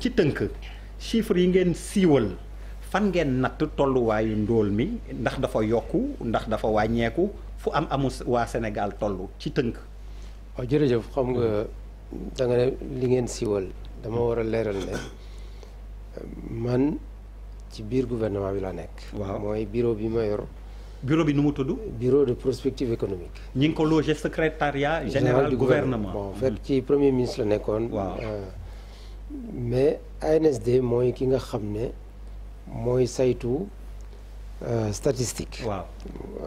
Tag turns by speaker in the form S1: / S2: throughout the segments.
S1: ci tënk chiffres yi ngeen siiwal fan ngeen natt tolluwaayu ndóol mi ndax dafa yokku ndax dafa wàññeeku fu am amu waa Sénégal tollu ci tënk. waaw jërëjëf xam nga da ne li ngeen siiwal dama war a leeral ne man ci biir gouvernement bi laa nekk. waaw mooy bureau bi ma yor. bureau bi nu mu tudd. bureau de prospective économique. ñi ngi ko logé général gouvernement. bon ci premier ministre la nekkoon. waaw. Euh, mais ANSD mooy ki nga xam ne mooy saytu euh, statistique. waaw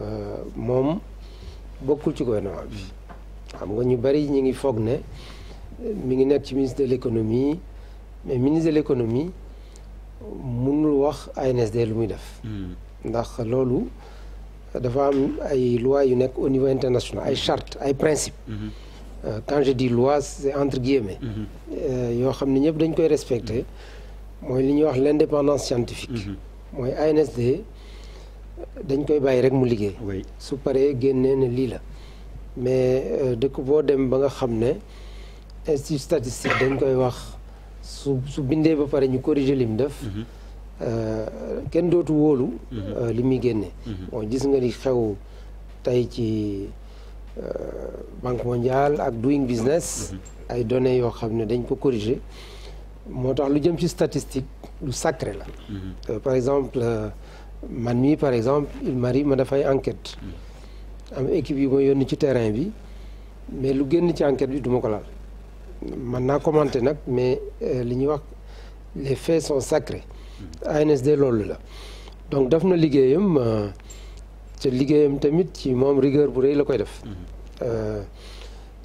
S1: euh, moom bokkul ci gouvernement bi. xam nga ñu bari ñu ngi foog ne mu ngi nekk ci ministre de l'économie mais ministre de l'économie mënul wax ANSD lu muy def. Hmm. ndax loolu dafa am ay lois yu nekk au niveau international ay chartes ay principes. Hmm. Euh, quand je dis entre guillemets. Mhm. Euh, yoo xam ne ñëpp dañ koy respecter mhm. mooy li ñuy wax l'indépendance scientifique. Mhm. mooy ANSD dañ koy bàyyi rek mu liggéey. su paree génnee ne lii la mais euh, dëkk boo dem ba nga xam ne institut statistique dañ koy wax su su bindee ba pare ñu corriger lim def. kenn dootu wóolu. li muy génne. mooy gis nga li xew tey ci. Euh, banque mondiale ak doing business mm-hmm. ay données yoo xam ne dañ ko corriger moo tax lu jëm ci statistique lu sacré la mm-hmm. euh, par exemple euh, man mii par exemple il m'arrive ma dafay enquête mm-hmm. am équipe yi ma yónni ci terrain bi mais lu génn ci enquête bi duma ko laal man naa commenter nag mais li ñuy wax les faits sont sacrés ANSD loolu la donc daf na liggéeyam ca liggéeyam tamit ci moom rigueur bu rëy la koy def. Mhm. Euh,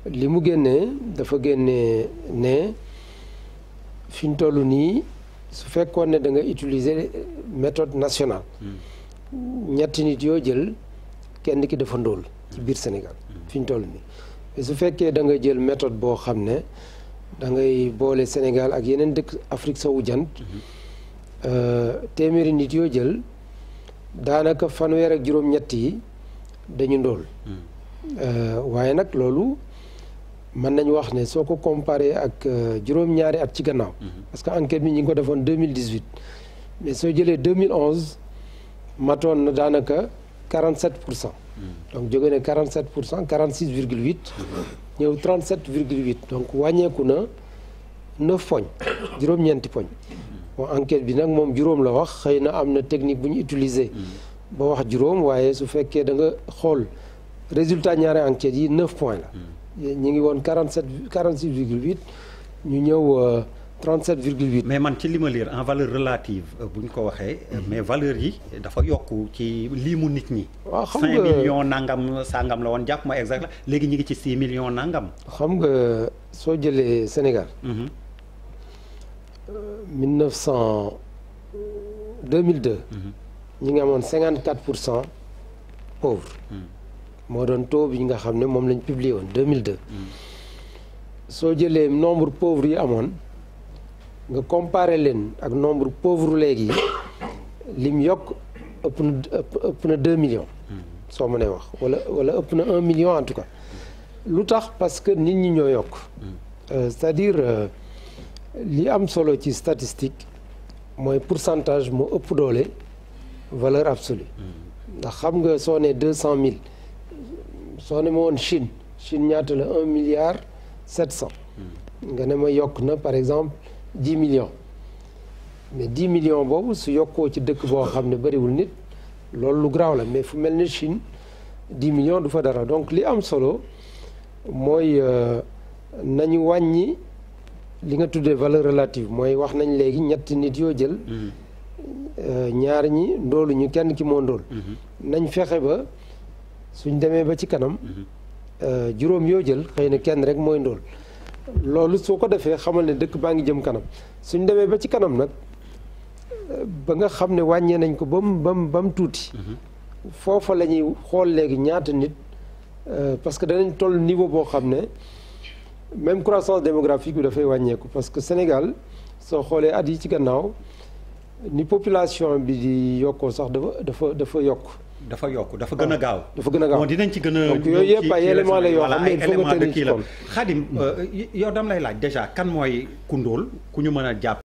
S1: li mu génnee dafa génnee ne fiñ ñu toll nii su fekkoon ne da nga utiliser méthode nationale. Mhm. ñetti nit yoo jël kenn ki dafa ndóol. ci mhm. biir Sénégal fi ñu toll nii. su fekkee da nga jël méthode boo xam ne da ngay boole Sénégal ak yeneen dëkk Afrique sowu jant. Euh, téeméeri nit yoo jël. daanaka fanweer ak juróom-ñett yi dañu ndóol euh, waaye nag loolu mën nañu wax ne soo ko comparé ak euh, juróom-ñaari at ci gannaaw mm-hmm. parce que enquête bi ñu ngi ko defoon 2018 mais soo jëlee 2011 matoon na daanaka 47 pour cent mm-hmm. donc jóge ne 47 pour cent 46 virgule 8 mm-hmm. ñëw 37 virgule 8 donc wàññeeku na 9 poñ juróom-ñeenti poñ bon enquête bi nag moom juróom la wax xëy na am na technique bu ñu utiliser. Mm. ba wax juróom waaye su fekkee da nga xool résultat ñaari enquêtes yi 9 points la. Mm. ñu ngi woon 47 46 virgule huit ñu ñëw 37 euh, virgule 8. mais man ci li ma lire en valeur relative euh, bu ñu ko waxee. Euh, mm-hmm. mais valeur yi dafa yokk ci lii mu nit ñi. waaw xam nga nangam sangam la woon jàpp ma exact léegi ñu ngi ci 6 millions nangam. xam nga soo jëlee Sénégal. Mm-hmm. mille neuf cent deux mille deux mm-hmm. ñi ngi amoon cinquante quatre pour cent pauvres mm-hmm. doon taux bi nga xam ne moom lañ publié woon deux mille
S2: mm-hmm.
S1: soo jëlee nombre pauvres yi amoon nga comparé leen ak nombre pauvres léegi lim yokk ëpp na ëpp deux millions soo ma nee wax wala wala ëpp na un million en lu tax parce que nit ñi ñoo yokk euh, c'est-à-dire euh, li am solo ci statistique mooy pourcentage mu ëpp doole valeur absolue mm. ndax xam nga soo ne deux cent mille soo ne ma woon Chine Chine ñaata la un milliard sept cent mm. nga ne ma yokk na par exemple dix millions mais dix millions boobu su yokkoo ci dëkk boo xam ne bariwul nit loolu lu garaaw la mais fu mel ni Chine dix millions du fa dara donc li am solo mooy euh, nañu wàññi li nga tuddee valeur relative mooy wax nañ léegi ñetti nit yoo jël mm-hmm. euh, ñaar ñi ndoolu ñu kenn ki moo ndool mm-hmm. nañ fexe ba suñ demee ba ci kanam mm-hmm. euh, juróom yoo jël xëy na kenn rek mooy ndool loolu soo ko defee xamal ne dëkk baa ngi jëm kanam suñ demee ba ci kanam nag ba nga xam ne wàññee nañ ko ba mu ba mu ba tuuti foofa la ñuy xool léegi ñaata nit euh, parce que danañ toll niveau boo xam ne même croissance démographique bi dafay wàññeeku parce que Sénégal soo xoolee at yi ci gannaaw ni population bi di yokkoo sax dafa dafa dafa yokk. dafa yokk dafa gën a gaaw. Ah,
S2: dafa gën a gaaw dinañ ci gën a. donc yooyu yëpp ay éléments la yoo xam ne il faut nga tenir ci compte. Xadim euh, yow dam lay laaj déjà kan mooy kundóol ku ñu mën a jàpp